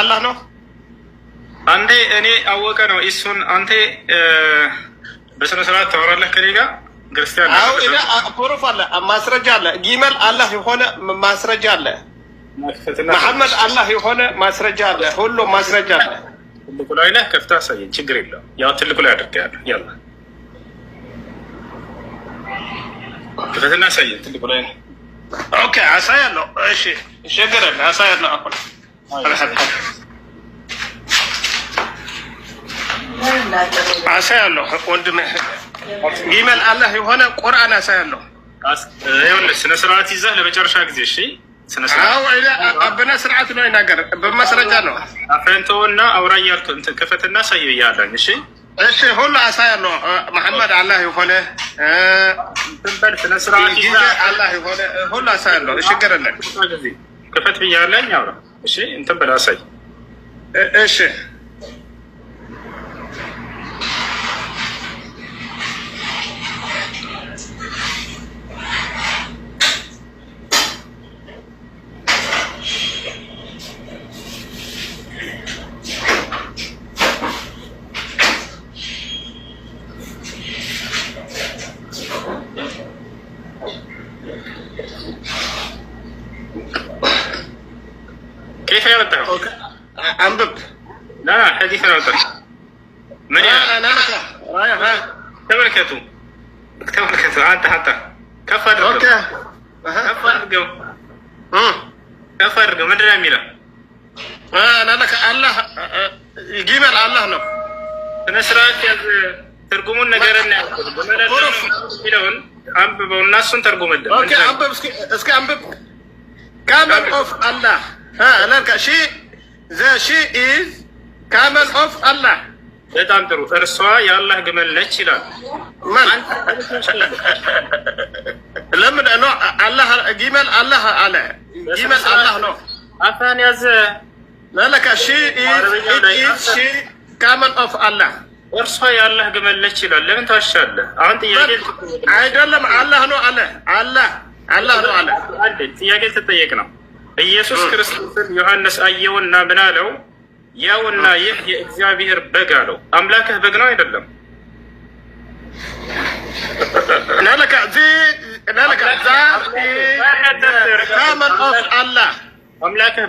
አላህ ነው። አንዴ እኔ አወቀ ነው እሱን አንቴ በስነ ስርዓት ታወራለህ ከኔ ጋር ክርስቲያን ፕሩፍ አለ፣ ማስረጃ አለ። ጊመል አላህ የሆነ ማስረጃ አለ። መሐመድ አላህ የሆነ ማስረጃ አለ። ሁሉ ማስረጃ አለ። ትልቁ ላይ ነህ ከፍታ አሳየን፣ ችግር የለውም። ያው ትልቁ ላይ አድርገህ ያለ ያለ ከፍትና አሳየን፣ ትልቁ ላይ ነህ። ኦኬ አሳያለሁ። እሺ ችግር የለ አሳያለሁ አሁን አሳያለሁ። ወንድም ጊመል አላህ የሆነ ቁርአን አሳያለሁ። ስነ ስርዓት ይዘህ ለመጨረሻ ጊዜ እሺ። አበና ስርዓት ነው ይናገር፣ በማስረጃ ነው። አፈንቶና አውራ እያልኩ ክፈትና ሳይ እያለኝ እሺ፣ እሺ፣ ሁሉ አሳያለሁ። መሐመድ አላህ የሆነ ስነ ስርዓት ይዘህ አላህ የሆነ ሁሉ አሳያለሁ። እሺ፣ ገረለን ክፈት ብያለኝ አውራ እሺ እንትን ብላ አሳይ። እሺ ተመልከቱ፣ ተመልከቱ። አንተ ሀታ ከፍ አድርገው፣ ከፍ አድርገው፣ ከፍ አድርገው። ምንድን ነው የሚለው? አላህ ጊበል አላህ ነው። ስነ ስርዓት ያዝ። ትርጉሙን ነገር የሚለውን አንብበው እና እሱን ተርጉምልን። እስኪ አንብብ። ካመል ኦፍ አላህ ሺ ዘ ሺ ኢዝ ካመል ኦፍ አላህ በጣም ጥሩ። እርሷ የአላህ ግመል ነች ይላል። ለምን ነው አላህ ግመል አላህ አለ? ግመል አላህ ነው። አፋን ያዘ ለለካ ሺ ሺ ካመን ኦፍ አላህ እርሷ የአላህ ግመል ነች ይላል። ለምን ታሻለ? አሁን ጥያቄ አይደለም አላህ ነው አለ አላህ አላህ ነው አለ። ጥያቄ ትጠየቅ ነው። ኢየሱስ ክርስቶስን ዮሐንስ አየውና ምን አለው? ያውና ይህ የእግዚአብሔር በግ አለው። አምላክህ በግ ነው አይደለም? አምላክህ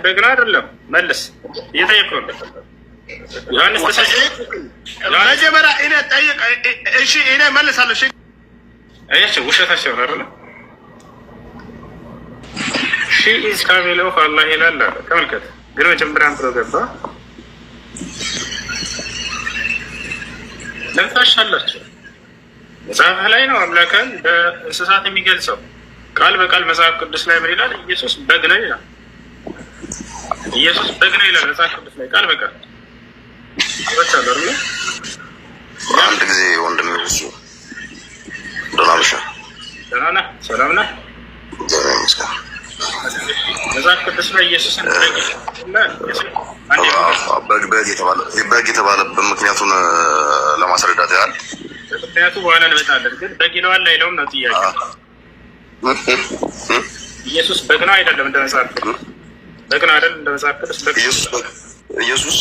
በግ ነው አይደለም? መልስ እየጠየቁ ነው። ዮሐንስ መጀመሪያ እኔ እሺ እኔ ውሸታቸው ነው ሺ ኢዝ ካሚለው ከአላህ ይላል። ተመልከት ግን መጀመሪያ አንተ ገባ ትንፋሽ አላቸው። መጽሐፍ ላይ ነው አምላክን በእንስሳት የሚገልጸው ቃል በቃል መጽሐፍ ቅዱስ ላይ ምን ይላል? ኢየሱስ በግ ነው ይላል። ኢየሱስ በግ ነው ይላል መጽሐፍ ቅዱስ ላይ ቃል በቃል አንድ ጊዜ ወንድም ይዙ ደህና ነሽ? ደህና ነህ? ሰላም ነህ? መጽሐፍ ቅዱስ ላይ ኢየሱስን በግ የተባለበት ምክንያቱን ለማስረዳት ያህል ምክንያቱ በኋላ እንመጣለን። ግን በግ ይለዋል አይለውም ነው ጥያቄ። ኢየሱስ በግ ነው አይደለም? እንደ መጽሐፍ በግ ነው አይደለም? እንደ መጽሐፍ ቅዱስ ኢየሱስ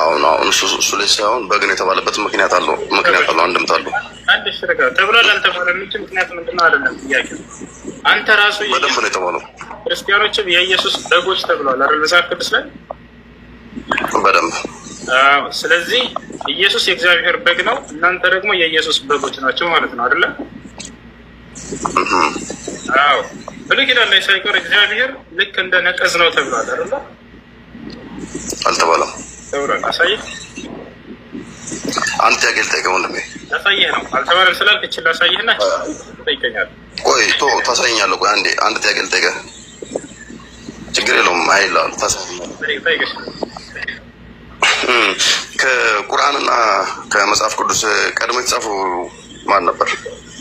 አሁን አሁን እሱ እሱ ላይ ሳይሆን በግን የተባለበት ምክንያት አለው፣ ምክንያት አለው፣ አንድምታ አለው። አንተ ራሱ በደንብ ነው የተባለው። ክርስቲያኖችም የኢየሱስ በጎች ተብሏል አይደል? መጽሐፍ ቅዱስ ላይ በደንብ ስለዚህ ኢየሱስ የእግዚአብሔር በግ ነው፣ እናንተ ደግሞ የኢየሱስ በጎች ናቸው ማለት ነው አይደለ? አዎ ብሉይ ኪዳን ላይ ሳይቀር እግዚአብሔር ልክ እንደ ነቀዝ ነው ተብሏል አይደለ? አልተባለም። አሳየህ አንተ ያገልጠህ ወንድሜ ላሳየህ ነው አልተማረም ስላልክ እችል ላሳየህና ይገኛል። ቆይ ቶ ታሳየኛለህ። ቆይ አንዴ አንድ ያገልጠህ ችግር የለውም። አይላል ታሳየኛለህ። ከቁርአንና ከመጽሐፍ ቅዱስ ቀድሞ የተጻፉ ማን ነበር?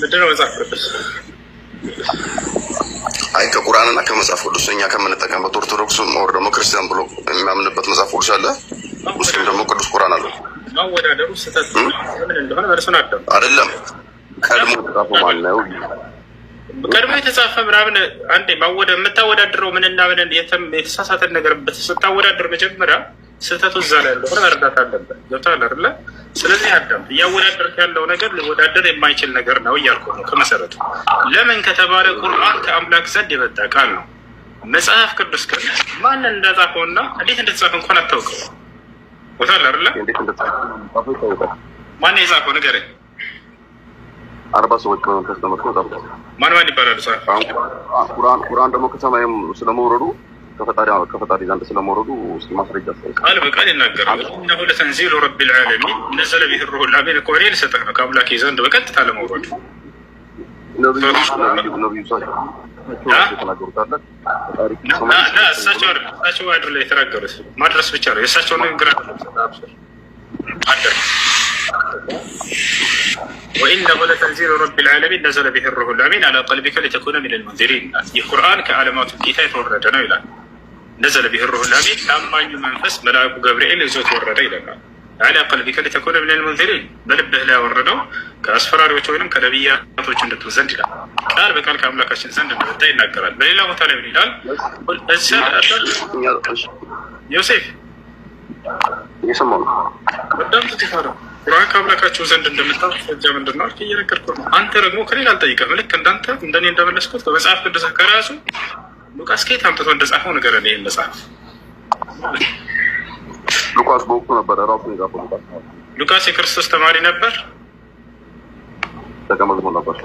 ምንድን ነው መጽሐፍ ቅዱስ? አይ ከቁርአንና ከመጽሐፍ ቅዱስ እኛ ከምንጠቀምበት ኦርቶዶክስ ወር ደግሞ ክርስቲያን ብሎ የሚያምንበት መጽሐፍ ቅዱስ አለ ሙስሊም ደግሞ ቅዱስ ቁርአን አለው። ማወዳደሩ ስህተት እንደሆነ እርሱን አዳም አይደለም ቀድሞ ተጻፈ ማለት ነው። ቀድሞ የተጻፈ ምናምን አንዴ ማወዳ የምታወዳድረው ምንና ምን የተሳሳተን ነገር ስታወዳድር መጀመሪያ ስህተቱ እዛ ላይ እንደሆነ መረዳት አለበት። ገብቶሃል አይደለ? ስለዚህ አዳም እያወዳደርክ ያለው ነገር ሊወዳደር የማይችል ነገር ነው እያልኩ ነው ከመሰረቱ። ለምን ከተባለ ቁርአን ከአምላክ ዘንድ የመጣ ቃል ነው። መጽሐፍ ቅዱስ ከ ማንን እንዳጻፈውና እንዴት እንደተጻፈ እንኳን አታውቅም። ቦታ አለ አይደለ? ማነው የጻፈው ንገረኝ። አርባ ሰዎች በመንፈስ ተመርቶ ጠብቀው ማን ማን ይባላሉ? ቁርአን ደግሞ ከሰማይም ስለመውረዱ ከፈጣሪ ዘንድ ስለመውረዱ እስኪ ማስረጃ ቃል በቃል ይናገራል። እነሁ ለተንዚሉ ረቢል ዓለሚን ነዘለ ቢሂ ሩሑል አሚን እኮ እኔ ልሰጠህ ነው ከአምላኬ ዘንድ በቀጥታ ለመውረዱ ናቸው የተናገሩት አለ እሳቸው አይደለ የተናገሩት ማድረስ ብቻ ነው የእሳቸው ንግግር ወኢነሁ ለተንዚሉ ረቢል ዓለሚን ነዘለ ቢሂ ሩሑል አሚን ዓላ ቀልቢከ ሊተኩነ ሚነል ሙንዚሪን ይህ ቁርአን ከዓለማቱ ጌታ የተወረደ ነው ይላል ነዘለ ቢሂ ሩሑል አሚን ታማኙ መንፈስ መልአኩ ገብርኤል ይዞት ወረደ ይለናል አላ ቀልቢከ ሊተኩነ ሚነል ሙንዚሪን በልብህ ላይ ያወረደው ከአስፈራሪዎች ወይም ከነቢያቶች እንድትሆን ዘንድ ይላል። ቃል በቃል ከአምላካችን ዘንድ እንደመጣ ይናገራል። በሌላ ቦታ ላይ ምን ይላል? ዮሴፍ ቁርአን ከአምላካችሁ ዘንድ እንደመጣ ማስረጃ ምንድን ነው አልክ? እየነገርኩህ ነው። አንተ ደግሞ ከሌላ አልጠይቅም። ልክ እንዳንተ እንደኔ እንደመለስኩት በመጽሐፍ ቅዱስ ከራሱ ሉቃስ ከየት አምጥቶ እንደጻፈው ንገረን ይህን መጽሐፍ ሉቃስ በወቅቱ ነበረ። ራሱ የጻፈው ሉቃስ ሉቃስ የክርስቶስ ተማሪ ነበር፣ ደቀ መዝሙር ነበር።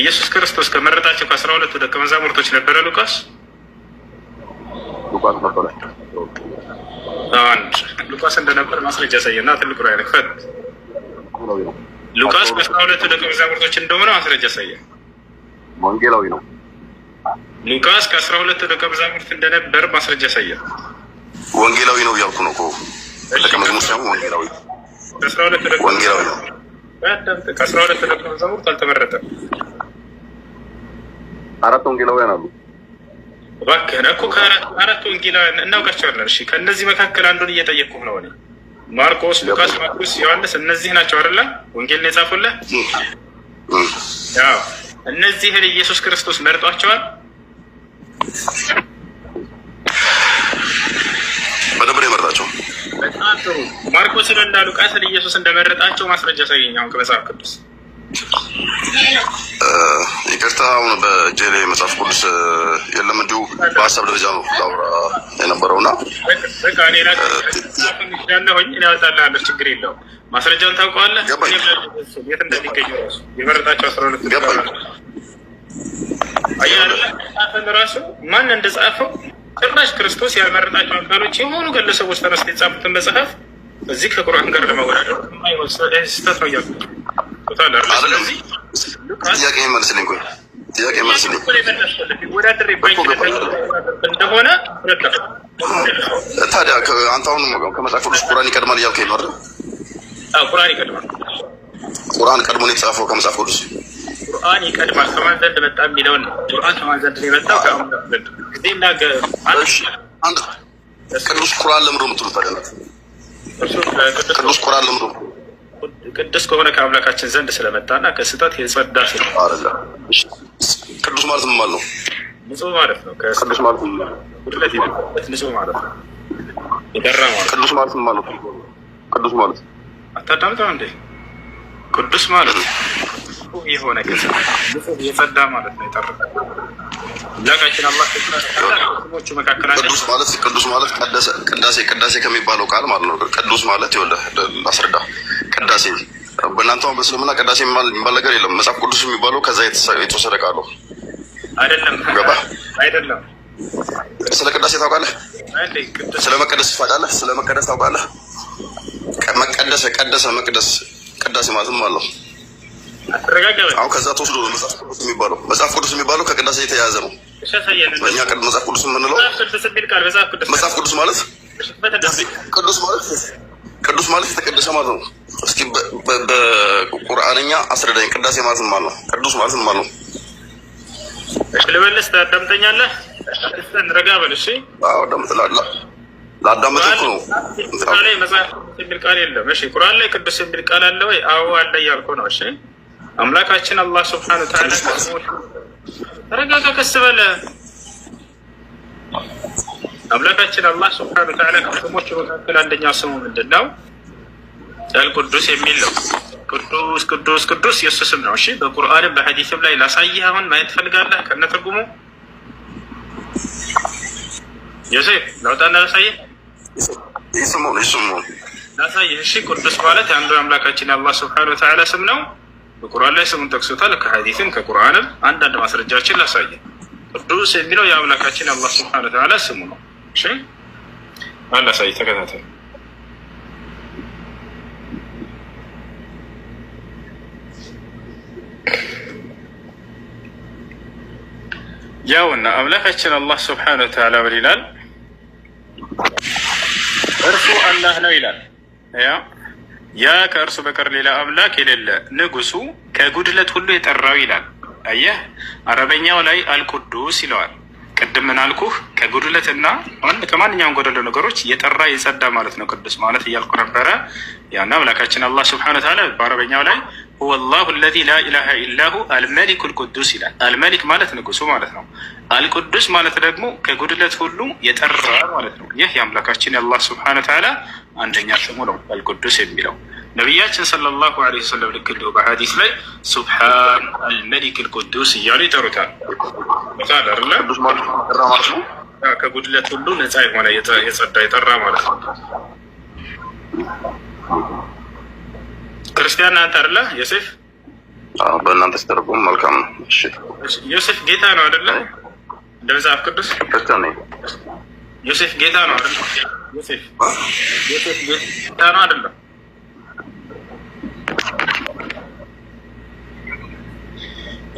ኢየሱስ ክርስቶስ ከመረጣቸው ከአስራ ሁለቱ ደቀ መዛሙርቶች ነበረ ሉቃስ ሉቃስ ነበረ። አንድ ሉቃስ እንደነበር ማስረጃ ያሳየና ትልቁ ላይ ነክፈት ሉቃስ ከአስራ ሁለቱ ደቀ መዛሙርቶች እንደሆነ ማስረጃ ያሳየ ወንጌላዊ ነው። ሉቃስ ከአስራ ሁለቱ ደቀ መዛሙርት እንደነበር ማስረጃ ያሳየ ወንጌላዊ ነው እያልኩ ነው ደቀ መዝሙር ወንጌላዊ ወንጌላዊ ነው። ከአስራ ሁለት ደቀ መዛሙርት አልተመረጠም። አራት ወንጌላውያን አሉ። እባክህን እኮ አራት ወንጌላውያን እናውቃቸዋለን። እሺ ከእነዚህ መካከል አንዱን እየጠየቅኩህ ነው እኔ ማርቆስ፣ ሉቃስ፣ ማርቆስ፣ ዮሐንስ እነዚህ ናቸው አይደለ? ወንጌል ነው የጻፉልህ። ያው እነዚህን ኢየሱስ ክርስቶስ መርጧቸዋል። በደንብ ነው በጣም ጥሩ። ማርቆስን እና ሉቃስን ኢየሱስ እንደመረጣቸው ማስረጃ ሳይገኝ ከመጽሐፍ ቅዱስ ይቅርታ፣ አሁን በጀሌ መጽሐፍ ቅዱስ የለም። እንዲሁ በሀሳብ ደረጃ ነው ላውራ የነበረው እና ያለሆኝ ያወጣልሃለሁ፣ ችግር የለውም። ማስረጃውን ታውቀዋለህ። የት እንደሚገኝ ራሱ የመረጣቸው አስራ ሁለት ገባኝ። አየህ ራሱ ማን እንደጻፈው ጭራሽ ክርስቶስ ያልመረጣቸው አካሎች የሆኑ ግለሰቦች ተነስተው የጻፉትን መጽሐፍ እዚህ ከቁርአን ጋር ለማወዳደር ስህተት ነው ታዲያ አንተ አሁን ከመጽሐፍ ቅዱስ ቁርአን ይቀድማል እያልከኝ ነው አይደል? ቁርአን ይቀድማል። ቁርአን ቀድሞ ነው የተጻፈው ከመጽሐፍ ቅዱስ ቁርአን ይቀድማል ከማን ዘንድ መጣ የሚለውን ነው። ቁርአን ከማን ዘንድ የመጣ ቅዱስ ቁርአን ለምዶ ምትሉ ቅዱስ ቁርአን ለምዶ ቅዱስ ከሆነ ከአምላካችን ዘንድ ስለመጣ ስለመጣና ከስህተት የጸዳ ስለ ቅዱስ ማለት ምማል ነው? ንጹህ ማለት ነው። ቅዱስ ማለት ጉድለት የሌለበት ንጹህ ማለት ነው። የደራ ማለት ቅዱስ ማለት ምማል ነው? ቅዱስ ማለት አታዳምጠው እንዴ? ቅዱስ ማለት ነው የሆነ የጸዳ ማለት ነው። ቅዱስ ማለት ቅዱስ ማለት ቅዳሴ ቅዳሴ ከሚባለው ቃል ማለት ነው። ቅዱስ ማለት ይኸውልህ አስረዳ። ቅዳሴ በእናንተ አሁን በእስልምና ቅዳሴ የሚባል ነገር የለም። መጽሐፍ ቅዱስ የሚባለው ከዛ የተወሰደ ቃል ነው። አይደለም አይደለም። ስለ ቅዳሴ ታውቃለህ? ስለ መቀደስ ታውቃለህ? ስለ መቀደስ ታውቃለህ? መቀደሰ ቀደሰ መቅደስ ቅዳሴ ማለትም አለው አሁን ከዛ ተወስዶ ነው መጽሐፍ ቅዱስ የሚባለው። መጽሐፍ ቅዱስ የሚባለው ከቅዳሴ የተያያዘ ነው። እኛ ቅዱስ መጽሐፍ ቅዱስ የምንለው መጽሐፍ ቅዱስ ማለት ቅዱስ ማለት ቅዱስ ማለት የተቀደሰ ማለት ነው። እስኪ በቁርአንኛ አስረዳኝ፣ ቅዳሴ ማለት ማለት ነው። ቅዱስ ማለት ማለት ነው። እሺ ልመለስ ታዳምጠኛለህ? ረጋ በል እሺ። አዎ፣ ለአዳመጥ እኮ ነው ላይ መጽሐፍ ቅዱስ የሚል ቃል የለም። እሺ፣ ቁርአን ላይ ቅዱስ የሚል ቃል አለ ወይ? አዎ አለ እያልኩ ነው። እሺ አምላካችን አላህ ስብሐነ ወተዓላ ተረጋጋ፣ ቀስ በለ። አምላካችን አላህ ስብሐነ ወተዓላ ከስሞች መካከል አንደኛ ስሙ ምንድን ነው? አልቅዱስ የሚል ነው። ቅዱስ ቅዱስ ቅዱስ የእሱ ስም ነው። እሺ በቁርአንም በሐዲስም ላይ ላሳይህ። አሁን ማየት ፈልጋለህ? ከነ ትርጉሙ ዮሴፍ ለውጣና ላሳይህ ላሳይህ። እሺ ቅዱስ ማለት አንዱ አምላካችን አላህ ስብሐነ ወተዓላ ስም ነው። በቁርአን ላይ ስሙን ጠቅሶታል። ከሐዲትም ከቁርአንም አንዳንድ ማስረጃችን ላሳየ። ቅዱስ የሚለው የአምላካችን አላህ ስብሐነ ወተዓላ ስሙ ነው። እሺ አላሳይ፣ ተከታተል። ያውና አምላካችን አላህ ስብሐነ ወተዓላ ምን ይላል? እርሱ አላህ ነው ይላል። ያ ያ ከእርሱ በቀር ሌላ አምላክ የሌለ ንጉሱ ከጉድለት ሁሉ የጠራው ይላል። አየህ አረበኛው ላይ አልቁዱስ ይለዋል። ቅድም ምን አልኩህ? ከጉድለትና ከማንኛውም ጎደሎ ነገሮች የጠራ የጸዳ ማለት ነው ቅዱስ ማለት እያልኩ ነበረ። ያና አምላካችን አላህ ስብሐነሁ ወተዓላ በአረበኛው ላይ ሁወ ላሁ አለዚ ኢላሁ አልመሊኩ ልቁዱስ ይላል። አልመሊክ ማለት ንጉሱ ማለት ነው። አልቁዱስ ማለት ደግሞ ከጉድለት ሁሉ የጠራ ማለት ነው። ይህ የአምላካችን የአላህ ስብሐነሁ ወተዓላ አንደኛ ስሙ ነው አልቅዱስ የሚለው ነቢያችን ሰለላሁ ዐለይሂ ወሰለም ልክ እንዲሁ በሀዲስ ላይ ሱብሓን አልመሊክ ልቅዱስ እያሉ ይጠሩታል። ከጉድለት ሁሉ ነፃ የሆነ የጸዳ የጠራ ማለት ነው። ክርስቲያን ናንተ አደለ ዮሴፍ? በእናንተ ስተረጉም መልካም ነው። ዮሴፍ ጌታ ነው አደለ? እንደ መጽሐፍ ቅዱስ ክርስቲያን ዮሴፍ ጌታ ነው አይደል? ዮሴፍ ጌታ ነው አይደለም?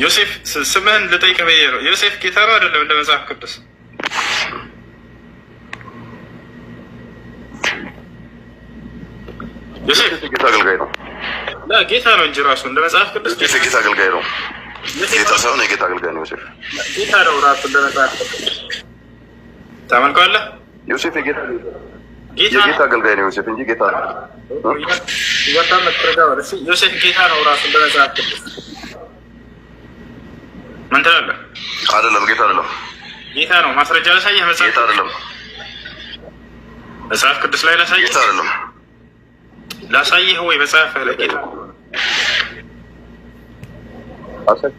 ዮሴፍ ስምህን ልጠይቅህ ብዬ ነው። ዮሴፍ ጌታ ነው አይደለም? እንደ መጽሐፍ ቅዱስ ዮሴፍ ጌታ አገልጋይ ነው። ጌታ ነው እንጂ ራሱ እንደ መጽሐፍ ቅዱስ ጌታ አገልጋይ ነው። ጌታ ሳይሆን የጌታ አገልጋይ ነው ዮሴፍ ጌታ ነው ራሱ እንደ መጽሐፍ ቅዱስ ታመልከዋለህ? ዮሴፍ የጌታ የጌታ አገልጋይ ነው። ዮሴፍ እንጂ ጌታ ነው። ዮሴፍ ጌታ ነው ራሱ በመጽሐፍ ቅዱስ ምን ትላለህ? አይደለም ጌታ አይደለም። ጌታ ነው። ማስረጃ ላሳየህ። መጽሐፍ አይደለም። መጽሐፍ ቅዱስ ላይ ላሳየህ። ጌታ አይደለም። ላሳየህ ወይ መጽሐፍ ላይ ጌታ አሰክ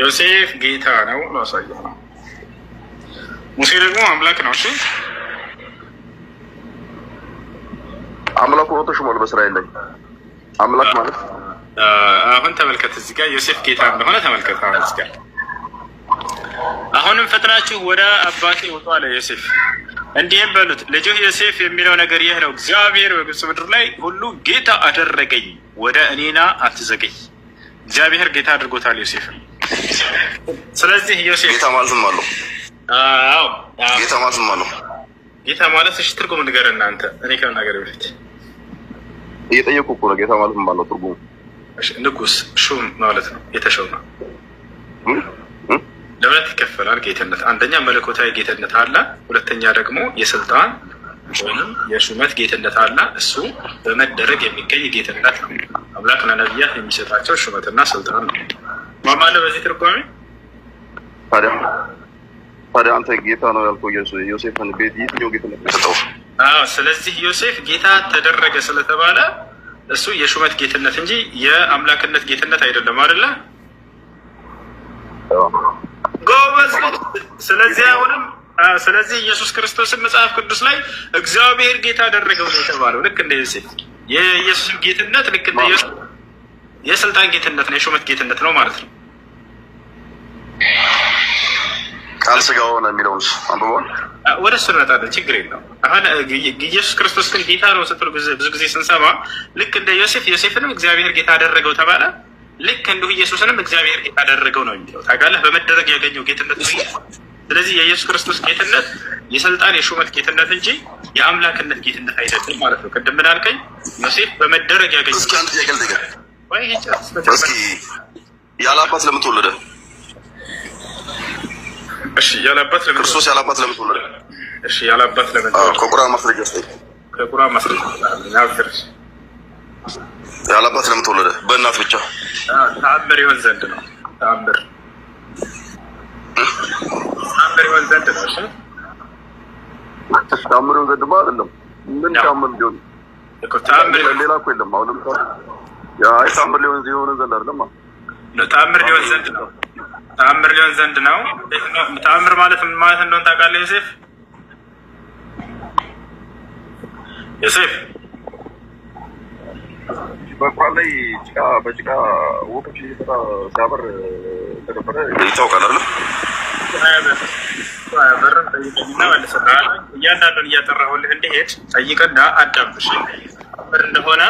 ዮሴፍ ጌታ ነው ነው አሳየ ነው። ሙሴ ደግሞ አምላክ ነው። እሺ አምላክ ሆኖ ተሾሟል በእስራኤል ላይ አምላክ ማለት አሁን ተመልከት፣ እዚህ ጋር ዮሴፍ ጌታ እንደሆነ ተመልከት። አሁን እዚህ ጋር አሁንም ፈጥናችሁ ወደ አባቴ ውጡ አለ ዮሴፍ። እንዲህም በሉት ልጅህ ዮሴፍ የሚለው ነገር ይህ ነው፣ እግዚአብሔር በግብፅ ምድር ላይ ሁሉ ጌታ አደረገኝ፣ ወደ እኔና አትዘገይ። እግዚአብሔር ጌታ አድርጎታል ዮሴፍን ስለዚህ ዮሴፍ ጌታ ማለትም አለው ጌታ ማለትም አለው ጌታ ማለት እሺ፣ ትርጉም ንገር እናንተ እኔ ከመናገር በፊት እየጠየቁ እኮ ነው። ጌታ ማለት ማለት ነው ትርጉሙ ንጉስ፣ ሹም ማለት ነው። የተሾመ ለሁለት ይከፈላል ጌትነት። አንደኛ መለኮታዊ ጌትነት አለ፣ ሁለተኛ ደግሞ የስልጣን ወይም የሹመት ጌትነት አለ። እሱ በመደረግ የሚገኝ ጌትነት ነው። አምላክ ለነቢያት የሚሰጣቸው ሹመትና ስልጣን ነው። ማማለ በዚህ ትርጓሜ ታዲያ ታዲያ አንተ ጌታ ነው ያልከው ዮሴፍን ቤት የትኛው ጌታ ነው የሰጠው? ስለዚህ ዮሴፍ ጌታ ተደረገ ስለተባለ እሱ የሹመት ጌትነት እንጂ የአምላክነት ጌትነት አይደለም አይደለ? ጎበዝ። ስለዚህ አሁንም ስለዚህ ኢየሱስ ክርስቶስን መጽሐፍ ቅዱስ ላይ እግዚአብሔር ጌታ አደረገው ነው የተባለው። ልክ እንደ ዮሴፍ የኢየሱስ ጌትነት ልክ እንደ ዮሴፍ የስልጣን ጌትነት ነው፣ የሹመት ጌትነት ነው ማለት ነው። ቃል ስጋ ሆነ የሚለውን አንብበዋል። ወደ እሱ እንመጣለን፣ ችግር የለው። አሁን ኢየሱስ ክርስቶስ ግን ጌታ ነው ስትሉ ብዙ ጊዜ ስንሰማ ልክ እንደ ዮሴፍ ዮሴፍንም እግዚአብሔር ጌታ አደረገው ተባለ። ልክ እንዲሁ ኢየሱስንም እግዚአብሔር ጌታ አደረገው ነው የሚለው ታውቃለህ። በመደረግ ያገኘው ጌትነት ስለዚህ የኢየሱስ ክርስቶስ ጌትነት የስልጣን የሹመት ጌትነት እንጂ የአምላክነት ጌትነት አይደለም ማለት ነው። ቅድም ምን አልከኝ? ዮሴፍ በመደረግ ያገኘው እስኪ ያለ አባት ለምን ተወለደ? እሺ ያለ አባት ለምን ክርስቶስ ያለ አባት ለምን ተወለደ? እሺ ያለ አባት ለምን ተወለደ? ከቁርአን ማስረጃ እስኪ ከቁርአን ማስረጃ ያለ አባት ለምን ተወለደ? በእናት ብቻ ተአምር ይሆን ዘንድ ነው። ተአምር ተአምር ይሆን ዘንድ ነው። እሺ ተአምር ይሆን ዘንድ ማለት ነው። ምን ተአምር ቢሆን እኮ ተአምር ሌላ እኮ የለም። አሁን ታምር ሊሆን የሆነ ዘንድ አይደለማ። ታምር ሊሆን ዘንድ ነው። ታምር ሊሆን ዘንድ ነው። ታምር ማለት ምን ማለት እንደሆነ ታውቃለህ ዮሴፍ? ዮሴፍ በእንኳን ላይ ጭቃ በጭቃ ወቅት ሲያበር ተደበረ ይታወቃል አይደለም? እያንዳንዱን እያጠራሁልህ እንዲሄድ ጠይቅና አዳምሽ ታምር እንደሆነ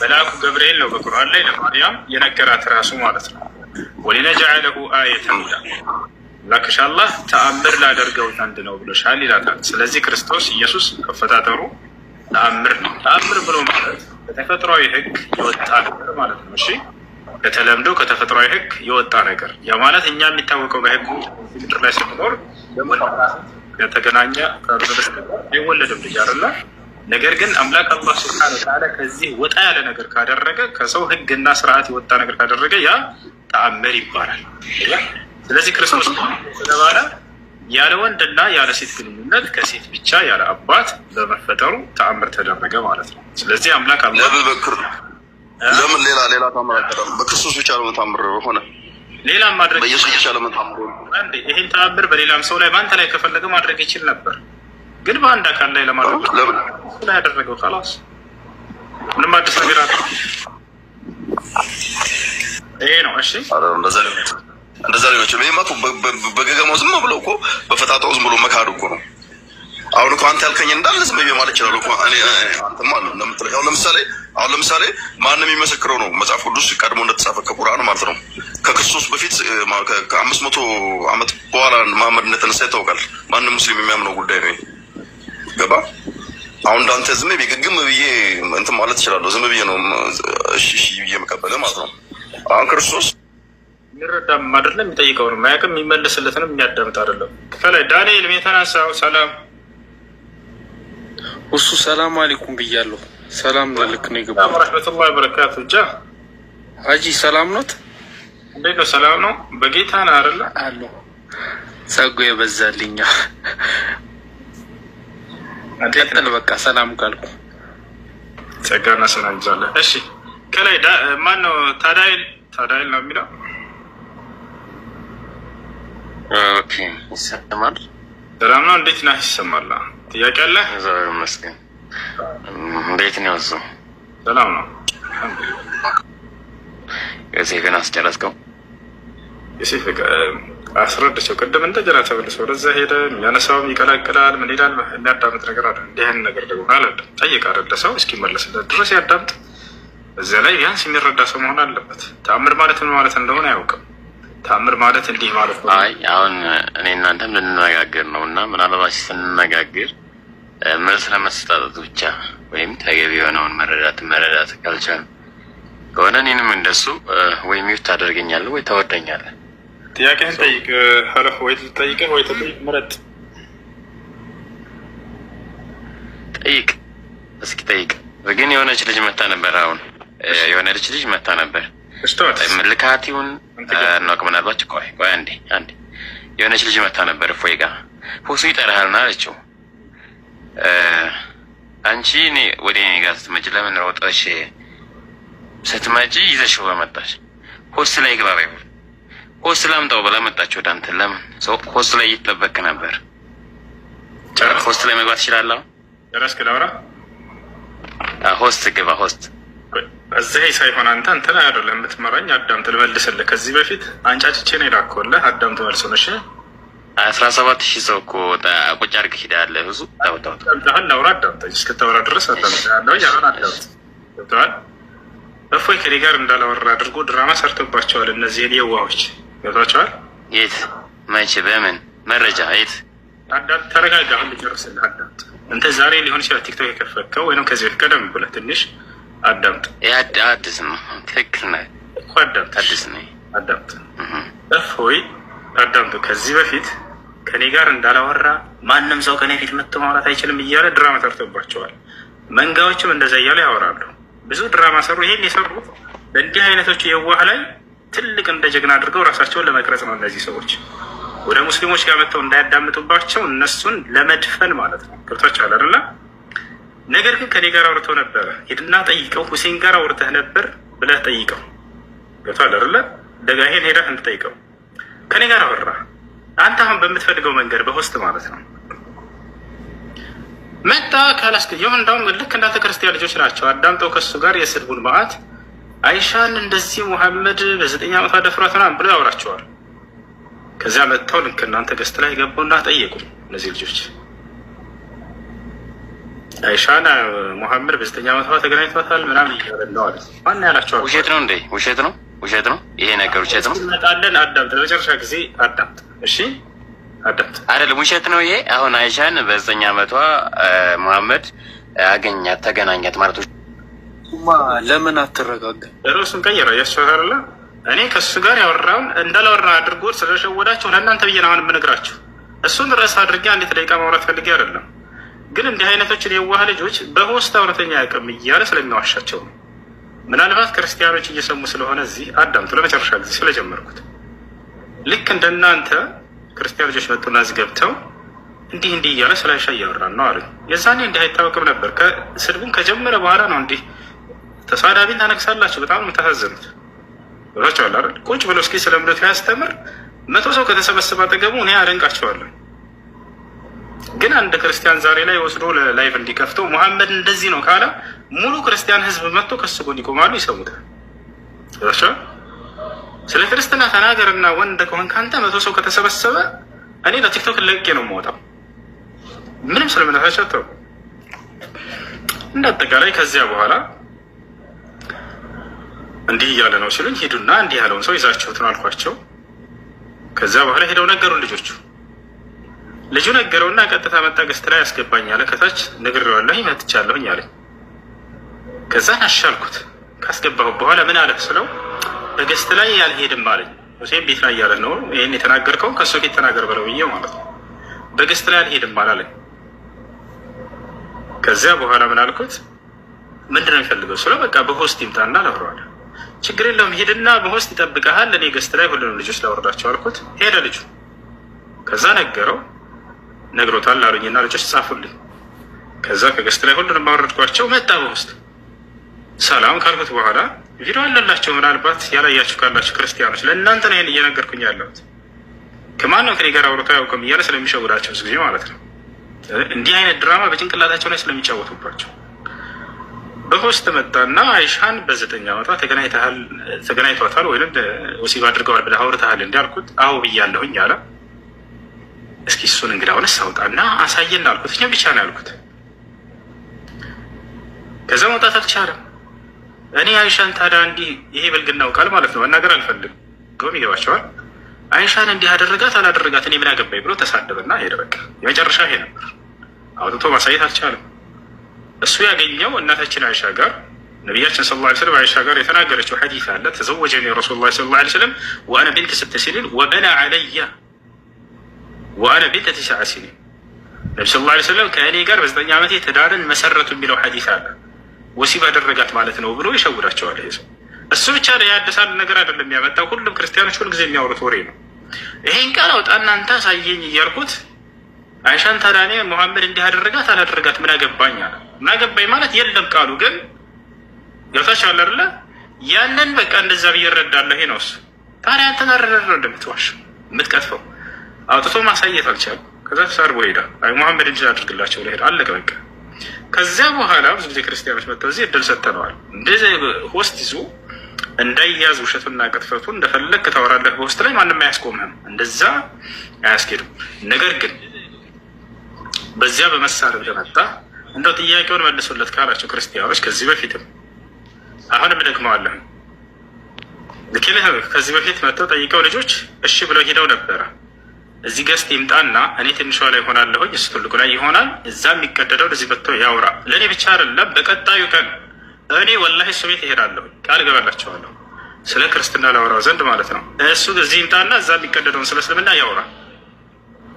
መልአኩ ገብርኤል ነው በቁርአን ላይ ለማርያም የነገራት ራሱ ማለት ነው። ወሊነጅዐለሁ አየተን ይላል ላክሻላህ ተአምር ላደርገው ዘንድ ነው ብሎሻል ይላታል። ስለዚህ ክርስቶስ ኢየሱስ አፈጣጠሩ ተአምር ነው። ተአምር ብሎ ማለት ከተፈጥሯዊ ሕግ የወጣ ነገር ማለት ነው። እሺ ከተለምዶ ከተፈጥሯዊ ሕግ የወጣ ነገር ያ ማለት እኛ የሚታወቀው በሕጉ ምድር ላይ ስንኖር ከተገናኘ ከበስተቀር አይወለድም ልጅ አይደለ ነገር ግን አምላክ አላህ ስብሐነ ወተዓላ ከዚህ ወጣ ያለ ነገር ካደረገ ከሰው ህግና ስርዓት የወጣ ነገር ካደረገ ያ ተአምር ይባላል። ስለዚህ ክርስቶስ ስለባለ ያለ ወንድና ያለ ሴት ግንኙነት ከሴት ብቻ ያለ አባት በመፈጠሩ ተአምር ተደረገ ማለት ነው። ስለዚህ አምላክ ለምን ሌላ ሌላ ታምር በክርስቶስ ብቻ ለምን ታምር ሆነ? ሌላም ማድረግ ይህን ተአምር በሌላም ሰው ላይ በአንተ ላይ ከፈለገ ማድረግ ይችል ነበር። ግን በአንድ አካል ላይ ለማድረግ ነው ያደረገው። ላስ ምንም አዲስ ነገር አለ ይሄ ነው። እሺ እንደዛ ሊሆችም ይሄማ በገገማው ዝም ብሎ እኮ በፈጣጣው ዝም ብሎ መካድ እኮ ነው። አሁን እኮ አንተ ያልከኝ እንዳለ ዝም ብዬ ማለት ይችላል እኮ እኔ አንተም አለ እንደምትለኝ። አሁን ለምሳሌ አሁን ለምሳሌ ማንም የሚመሰክረው ነው መጽሐፍ ቅዱስ ቀድሞ እንደተጻፈ ከቁርአን ማለት ነው። ከክርስቶስ በፊት ከአምስት መቶ ዓመት በኋላ መሐመድ እንደተነሳ ይታወቃል። ማንም ሙስሊም የሚያምነው ጉዳይ ነው። ገባ አሁን እንዳንተ ዝም ብዬ ግግም ብዬ እንትን ማለት እችላለሁ። ዝም ብዬ ነው እሺ ብዬ መቀበል ማለት ነው። አሁን ክርስቶስ የሚረዳም አይደለም የሚጠይቀው ነው ማያውቅም የሚመልስለትንም የሚያዳምጥ አይደለም። ከላይ ዳንኤል የተነሳው ሰላም እሱ ሰላም አለይኩም ብያለሁ። ሰላም ለልክ ነው ይገባ ረመቱላ በረካቱ እጃ ሀጂ ሰላም ኖት እንዴት ነው? ሰላም ነው በጌታ ነ አለ ጸጉ የበዛልኛ ቀጥል። በቃ ሰላም ካልኩ ጸጋና ሰላም ይዛለን። እሺ ከላይ ማን ነው? ታዳይል ታዳይል ነው የሚለው ይሰማል። ሰላም ነው። እንዴት ነህ? ይሰማል። ጥያቄ አለ? እግዚአብሔር ይመስገን። እንዴት ነው? እሱ ሰላም ነው። ዮሴፍን አስጨረስከው? ዮሴፍ አስረድቸው ቅድም እንደገና ተመልሶ ወደዛ ሄደ። የሚያነሳውም ይቀላቅላል። ምን ይላል? የሚያዳምጥ ነገር አለ። እንዲህን ነገር ደግሞ አለ ጠይቅ አደለ ሰው እስኪመለስለት ድረስ ያዳምጥ። እዚያ ላይ ቢያንስ የሚረዳ ሰው መሆን አለበት። ተአምር ማለት ምን ማለት እንደሆነ አያውቅም። ተአምር ማለት እንዲህ ማለት ነው። አይ አሁን እኔ እናንተም ልንነጋገር ነው እና ምናልባት ስንነጋገር መልስ ለመሰጣጠት ብቻ ወይም ተገቢ የሆነውን መረዳት መረዳት ካልቻል ከሆነ እኔንም እንደሱ ወይም ሚውት ታደርገኛለህ ወይ ታወደኛለህ ጥያቄህን ጠይቅ ሀለፍ ወይ ልጠይቅህ ወይ ተጠይቅ፣ ምረጥ። ጠይቅ እስኪ ጠይቅ። ግን የሆነች ልጅ መታ ነበር። አሁን የሆነች ልጅ መታ ነበር። ልካት ይሁን እናውቅ። ምናልባት ቆይ ቆይ አንዴ አንዴ የሆነች ልጅ መታ ነበር። እፎይ ጋር ሁሱ ይጠራሃልና አለችው። አንቺ እኔ ወደ እኔ ጋር ስትመጪ ለምን ሮጠሽ ስትመጪ ይዘሽው በመጣሽ ሆስ ላይ ግባባ ይሁን ሆስት ላምጣው ብላ መጣች ወደ አንተ። ለምን ሰው ሆስት ላይ እየተጠበቅ ነበር? ሆስት ላይ መግባት ይችላለሁ። ጨረስክ? ላውራ ሆስት ግባ። ሆስት እዚህ ሳይሆን አንተ አንተ ላይ አይደለም የምትመራኝ። አዳም ትልመልስልህ። ከዚህ በፊት አንጫጭቼ ነው የላከውልህ። አዳም ትመልሰው ነሽ። አስራ ሰባት ሺህ ሰው እኮ ቁጭ አድርገህ ሄዳለህ። ብዙ ታውታውታል። ላውራ አዳምጠኝ። እስክታወራ ድረስ አዳምጠኝ። አሁን አዳምጥ ገብተዋል። እፎይ ከኔ ጋር እንዳላወራ አድርጎ ድራማ ሰርቶባቸዋል እነዚህን የዋዎች ገብቷቸዋል። የት መቼ በምን መረጃ የት አዳም ተረጋጋ። አሁን ልጨርስልህ። አዳምጥ። እንተ ዛሬ ሊሆን ይችላል ቲክቶክ የከፈከው ወይም ከዚህ በፊት ቀደም ብለህ ትንሽ አዳምጥ። አዲስ ነው። ትክክል ነህ እኮ አዳምጥ። አዲስ ነህ አዳምጥ። እፎይ አዳምጥ። ከዚህ በፊት ከኔ ጋር እንዳላወራ ማንም ሰው ከኔ ፊት መጥቶ ማውራት አይችልም እያለ ድራማ ተርቶባቸዋል። መንጋዎችም እንደዛ እያሉ ያወራሉ። ብዙ ድራማ ሰሩ። ይሄን የሰሩት በእንዲህ አይነቶቹ የዋህ ላይ ትልቅ እንደ ጀግና አድርገው ራሳቸውን ለመቅረጽ ነው። እነዚህ ሰዎች ወደ ሙስሊሞች ጋር መጥተው እንዳያዳምጡባቸው እነሱን ለመድፈን ማለት ነው። ገብቷችኋል አይደለ? ነገር ግን ከኔ ጋር አውርተው ነበረ ሄድና ጠይቀው፣ ሁሴን ጋር አውርተህ ነበር ብለህ ጠይቀው። ገብቷል አይደለ? ደጋሄን ሄደህ እንድጠይቀው ከኔ ጋር አወራ። አንተ አሁን በምትፈልገው መንገድ በሆስት ማለት ነው መጣ ካላስ የሆን እንዳውም ልክ እንዳንተ ክርስቲያን ልጆች ናቸው። አዳምጠው ከሱ ጋር የስድቡን መዓት አይሻን እንደዚህ ሙሐመድ በዘጠኝ ዓመቷ ደፍሯት ምናምን ብሎ ያወራቸዋል። ከዚያ መጥተው ልክ እናንተ ገስት ላይ ገቡና ጠየቁ። እነዚህ ልጆች አይሻን ሙሐመድ በዘጠኝ ዓመቷ ተገናኝቷታል ምናምን እያለዋል። ማን ያላቸዋል? ውሸት ነው እንዴ? ውሸት ነው፣ ውሸት ነው። ይሄ ነገር ውሸት ነው። መጣለን። አዳምጥ፣ ለመጨረሻ ጊዜ አዳምጥ። እሺ፣ አዳምጥ። አይደለም ውሸት ነው ይሄ። አሁን አይሻን በዘጠኝ ዓመቷ መሐመድ አገኛት፣ ተገናኛት ማለት ለምን አትረጋጋ? ርዕሱን ቀይረው ያስቸረለ እኔ ከእሱ ጋር ያወራውን እንዳላወራ አድርጎ ስለሸወዳቸው ለእናንተ ብዬ ነው አሁን የምነግራቸው። እሱን ርዕስ አድርጌ አንዲት ደቂቃ ማውራት ፈልጌ አይደለም፣ ግን እንዲህ አይነቶችን የዋህ ልጆች በሆስት እውነተኛ ያቅም እያለ ስለሚዋሻቸው ነው። ምናልባት ክርስቲያኖች እየሰሙ ስለሆነ እዚህ አዳምጡ። ለመጨረሻ ጊዜ ስለጀመርኩት ልክ እንደናንተ ክርስቲያን ልጆች መጡና እዚህ ገብተው እንዲህ እንዲህ እያለ ስለ አይሻ እያወራን ነው አሉ። የዛኔ እንዲህ አይታወቅም ነበር። ስድቡን ከጀመረ በኋላ ነው እንዲህ ተሳዳቢ ታነግሳላችሁ። በጣም የምታሳዝኑት። ብሏቸዋል አይደል? ቁጭ ብሎ እስኪ ስለ እምነቱ ያስተምር መቶ ሰው ከተሰበሰበ አጠገቡ እኔ አደንቃቸዋለሁ። ግን አንድ ክርስቲያን ዛሬ ላይ ወስዶ ላይፍ እንዲከፍተው መሐመድ እንደዚህ ነው ካለ ሙሉ ክርስቲያን ህዝብ መጥቶ ከሱ ጎን ይቆማሉ፣ ይሰሙታል። ስለ ክርስትና ተናገርና ወንድ ከሆን ከአንተ መቶ ሰው ከተሰበሰበ እኔ ለቲክቶክ ለቄ ነው የማወጣው። ምንም ስለምነታቸው እንደ አጠቃላይ ከዚያ በኋላ እንዲህ እያለ ነው ሲሉኝ፣ ሂዱና እንዲህ ያለውን ሰው ይዛችሁትን አልኳቸው። ከዛ በኋላ ሄደው ነገሩን ልጆቹ ልጁ ነገረውና ቀጥታ መጣ ገስት ላይ ያስገባኝ አለ። ከታች ነግሬዋለሁኝ መጥቻለሁኝ አለኝ። ከዛን አሻልኩት ካስገባሁ በኋላ ምን አለ ስለው በገስት ላይ ያልሄድም አለኝ። ሁሴን ቤት ላይ እያለህ ነው ይህን የተናገርከው ከእሱ ፊት ተናገር በለው ብዬ ማለት ነው። በገስት ላይ አልሄድም አላለኝ። ከዚያ በኋላ ምን አልኩት ምንድነው የሚፈልገው ስለው በቃ በሆስት ይምጣና ነግረዋል ችግር የለውም ሂድና በሆስት ይጠብቀሃል፣ እኔ ገስት ላይ ሁሉንም ልጆች ላወርዳቸው አልኩት። ሄደ ልጁ። ከዛ ነገረው ነግሮታል አሉኝና ልጆች ጻፉልኝ። ከዛ ከገስት ላይ ሁሉንም አወረድኳቸው። መጣ በሆስት ሰላም ካልኩት በኋላ ቪዲዮ አለላቸው። ምናልባት ያላያችሁ ካላችሁ ክርስቲያኖች ለእናንተ ነው ይህን እየነገርኩኝ ያለሁት። ከማንም ከኔ ጋር አውርቶ አያውቅም እያለ ስለሚሸውዳቸው ጊዜ ማለት ነው። እንዲህ አይነት ድራማ በጭንቅላታቸው ላይ ስለሚጫወቱባቸው በሆስት መጣና አይሻን በዘጠኝ ዓመቷ ተገናኝቷታል ወይም ወሲብ አድርገዋል ብለህ አውርተሃል እንዳልኩት አዎ ብያለሁኝ አለ። እስኪ እሱን እንግዲህ አሁንስ አውጣና አሳየን አልኩት። እኛ ብቻ ነው ያልኩት። ከዛ መውጣት አልቻለም። እኔ አይሻን ታዲያ እንዲህ ይሄ ብልግናው ቃል ማለት ነው መናገር አልፈልግም። ጎም ይገባቸዋል። አይሻን እንዲህ አደረጋት አላደረጋት እኔ ምን አገባኝ ብሎ ተሳደበና ሄደ። በቃ የመጨረሻ ይሄ ነበር። አውጥቶ ማሳየት አልቻለም። እሱ ያገኘው እናታችን አይሻ ጋር ነቢያችን ስለ ላ ስለም አይሻ ጋር የተናገረችው ሐዲስ አለ። ተዘወጀኒ ረሱሉ ላ ስለ ላ ስለም ወአነ ቢንት ስተ ሲኒን ወበና አለያ ወአነ ቢንት ቲስዓ ሲኒን ነቢ ስለ ላ ስለም ከእኔ ጋር በዘጠኝ ዓመቴ ትዳርን መሰረቱ የሚለው ሐዲስ አለ። ወሲብ አደረጋት ማለት ነው ብሎ ይሸውዳቸዋል። ይዘው እሱ ብቻ ያደሳል ነገር አይደለም ያመጣው። ሁሉም ክርስቲያኖች ሁልጊዜ የሚያወሩት ወሬ ነው። ይሄን ቃል አውጣ እናንተ አሳየኝ እያልኩት አይሻን ታዳኔ እኔ ሙሐመድ እንዲህ አደረጋት አላደረጋት ምን አገባኝ አለ። ናገባኝ ማለት የለም ቃሉ ግን ገብታችኋል አይደለ? ያንን በቃ እንደዛ ብዬ እረዳለሁ። ይሄ ነውስ ታዲያ አንተን አረዳለሁ እንደምትዋሽ የምትቀጥፈው አውጥቶ ማሳየት አልቻለም። ከዛ ተሳርቦ ይሄዳል። አይ መሐመድ እንጂ አድርግላቸው ለሄድ አለቀ በቃ። ከዚያ በኋላ ብዙ ጊዜ ክርስቲያኖች መጥተው እዚህ እድል ሰጥተነዋል። እንደዚ ሆስት ይዞ እንዳያዝ ውሸቱና ቅጥፈቱ እንደፈለግ ታወራለህ። በውስጥ ላይ ማንም አያስቆምህም። እንደዛ አያስኬድም። ነገር ግን በዚያ በመሳሪያ እንደመጣ እንደው ጥያቄውን መልሱለት ካላቸው ክርስቲያኖች ከዚህ በፊትም አሁንም ደግመዋለሁ ልክልህ ከዚህ በፊት መጥተው ጠይቀው ልጆች እሺ ብለው ሄደው ነበረ። እዚህ ገስት ይምጣና እኔ ትንሿ ላይ ይሆናለሁኝ እሱ ትልቁ ላይ ይሆናል። እዛ የሚቀደደው ለዚህ መጥተው ያውራ። ለእኔ ብቻ አይደለም፣ በቀጣዩ ቀን እኔ ወላሂ እሱ ቤት ይሄዳለሁ፣ ቃል ገባላቸዋለሁ፣ ስለ ክርስትና ላወራው ዘንድ ማለት ነው። እሱ እዚህ ይምጣና እዛ የሚቀደደውን ስለ እስልምና ያውራ።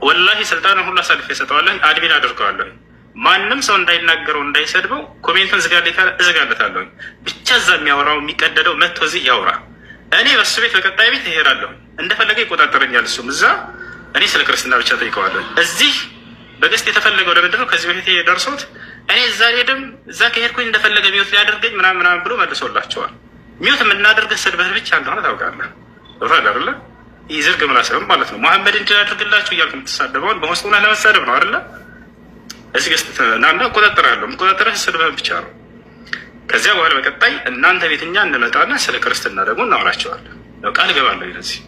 ወላሂ ስልጣንን ሁሉ አሳልፌ እሰጠዋለሁ፣ አድሚን አድርገዋለሁ። ማንም ሰው እንዳይናገረው እንዳይሰድበው ኮሜንቱን እዘጋለታለሁ። ብቻ እዛ የሚያወራው የሚቀደደው መጥቶ እዚህ ያውራ። እኔ በሱ ቤት በቀጣይ ቤት እሄዳለሁ፣ እንደፈለገ ይቆጣጠረኛል። እሱም እዛ እኔ ስለ ክርስትና ብቻ ጠይቀዋለሁ። እዚህ በገስት የተፈለገው ለምንድን ነው? ከዚህ በፊት ደርሶት እኔ እዛ ሄድም እዛ ከሄድኩኝ እንደፈለገ ሚውት ሊያደርገኝ ምናም ምናም ብሎ መልሶላቸዋል። ሚውት የምናደርግህ ስድበህ ብቻ እንደሆነ ታውቃለህ። ሮል አለ ይዝርግ ምላስም ማለት ነው። መሐመድ እንዲያደርግላችሁ እያልኩ የምትሳደበውን በመስጡና ለመሳደብ ነው አይደለ እዚህ ገስት ናና እቆጣጠራለሁ። እቆጣጠርህ ስልብህን ብቻ ነው። ከዚያ በኋላ በቀጣይ እናንተ ቤት እኛ እንመጣና ስለ ክርስትና ደግሞ እናወራቸዋለን። ቃል እገባለሁ። ለዚህ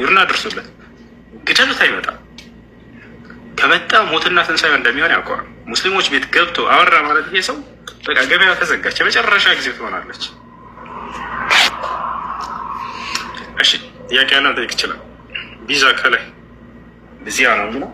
ይሩና ድርሱለት። ግደሉት፣ አይመጣም። ከመጣ ሞትና ትንሳኤ እንደሚሆን ያውቀዋል። ሙስሊሞች ቤት ገብቶ አወራ ማለት ይሄ ሰው በቃ ገበያ ተዘጋች፣ የመጨረሻ ጊዜ ትሆናለች። እሺ ጥያቄ ያለ ጠይቅ ይችላል። ቢዛ ከላይ ብዚያ ነው የሚለው